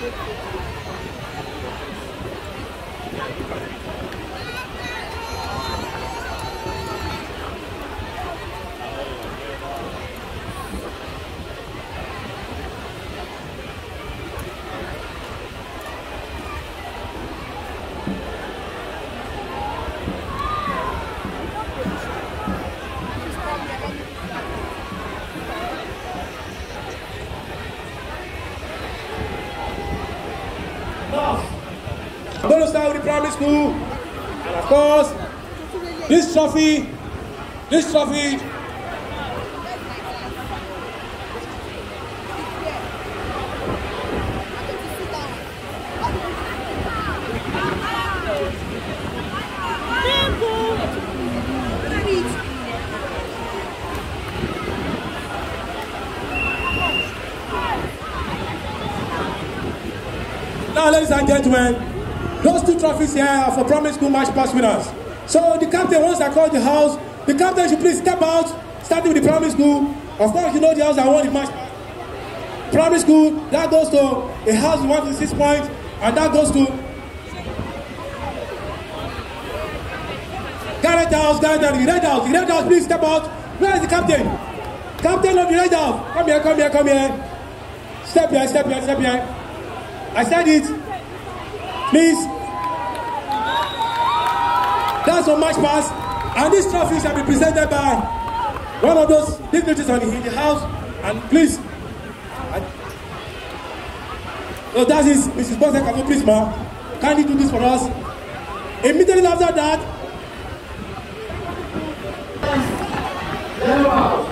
Thank you. I'm going to start with the primary school. And of course, this trophy, this trophy now, ladies and gentlemen, those two trophies here are for primary school match pass winners. So the captain, once I call the house, the captain should please step out, starting with the primary school. Of course, you know the house that won the match. Primary school, that goes to a house with 6 points, and that goes to Garrett House, Garrett House, the Red House, the Red House, please step out. Where is the captain? Captain of the Red House, come here, come here, come here. Step here, step here, step here. I said it. Please. That's on March Pass. And this trophy shall be presented by one of those dignitaries on the, in the house. And please. I, so that is Mrs. Bose Kato, please, ma'am. Can you do this for us? Immediately after that, Hello,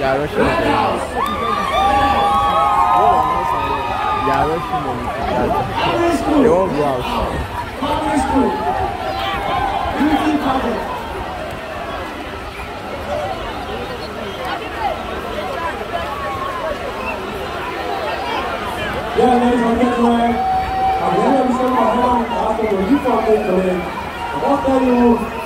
Yarış mı? ya. Yeah, ladies and gentlemen, I'm going to be so much after the Utah Oakland. About 30 moves.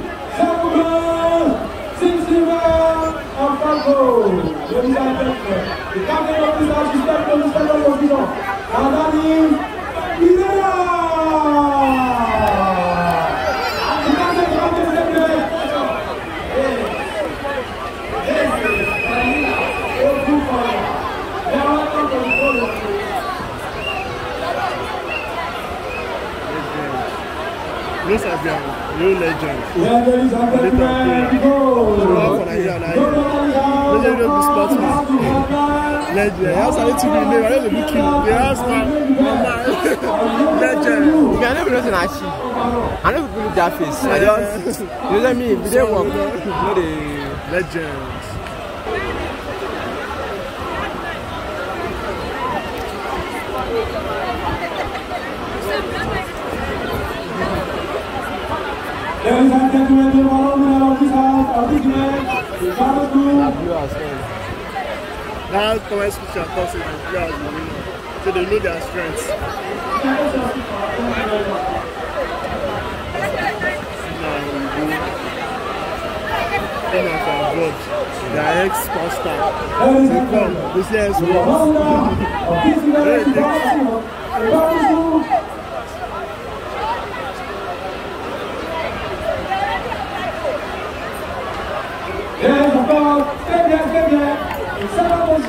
number 61, Afako. Ladies and gentlemen, the captain of this Archie Step, the Step new legend legendary sportsman legend yasa ni tv Legend. i no dey look you the yasa mama legend. Legend. i no be nothing Legend. i no be look that Legend. i just you Legend. me if you dey work no dey. legend. Ladies and gentlemen, the Baron of this house, Articulate, Babaku. Now, Thomas Fisher talks in Nigeria as you know, so they know their strengths. Their ex-pastor, they come, they say ex-pastor.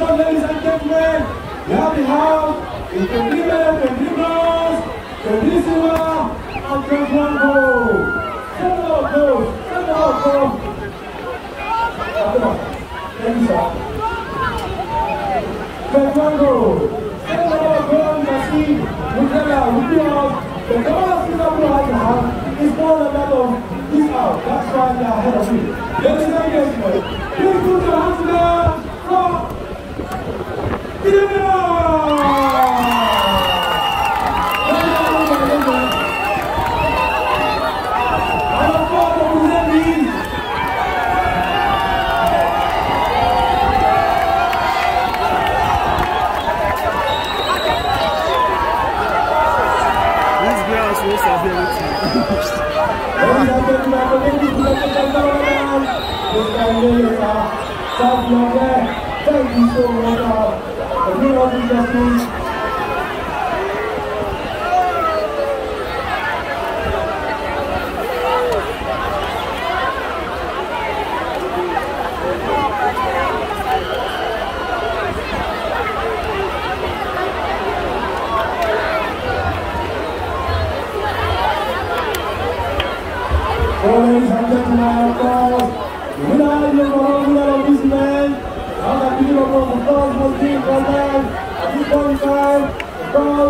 ladies and gentlemen. We have the house, the women, the liberals, the Lissima, and the Blanco. Send out those, send out Thank you, out those, Ladies and gentlemen, please put your hands together. Francisco Rojas, the Mayor of the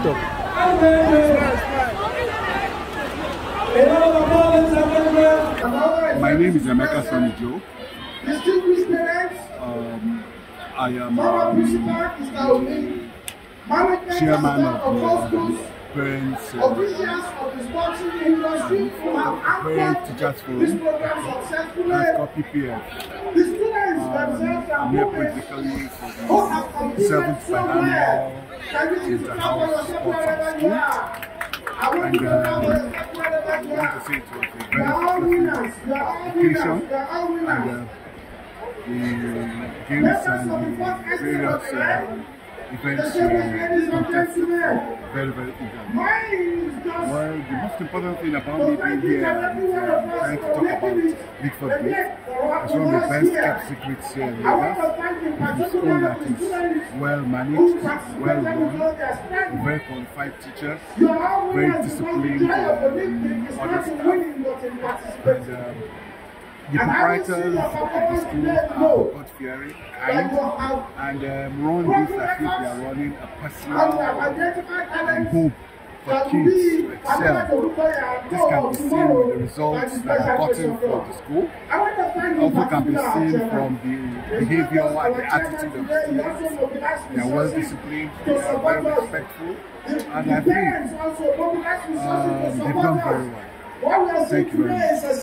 My name is Emeka Sonijo. Um, I am um, chairman of the Parents, uh, to just for. Forum, that's called PPF. um, near political league seventh biennial is the House Sports school, and uh, I want to say it was a very successful application and uh, the games and the various uh, events uh, very, very eagerly. Well, the most important thing about me being here uh, is um, trying to talk about Bigfoot Blake. It's one of the best kept secrets here uh, in Lagos. It's that is well managed, well run, very qualified teachers, very disciplined um, uh, other staff. And, um, the proprietors of the school are God fearing, kind, and um, run this as if they are running a personal um, hope for kids to excel. This can be seen with the results that are gotten from the school. Also can be seen from the behavior and the attitude of the students. They are well disciplined, they are very respectful, and I think um, they've done very well. Thank you very much.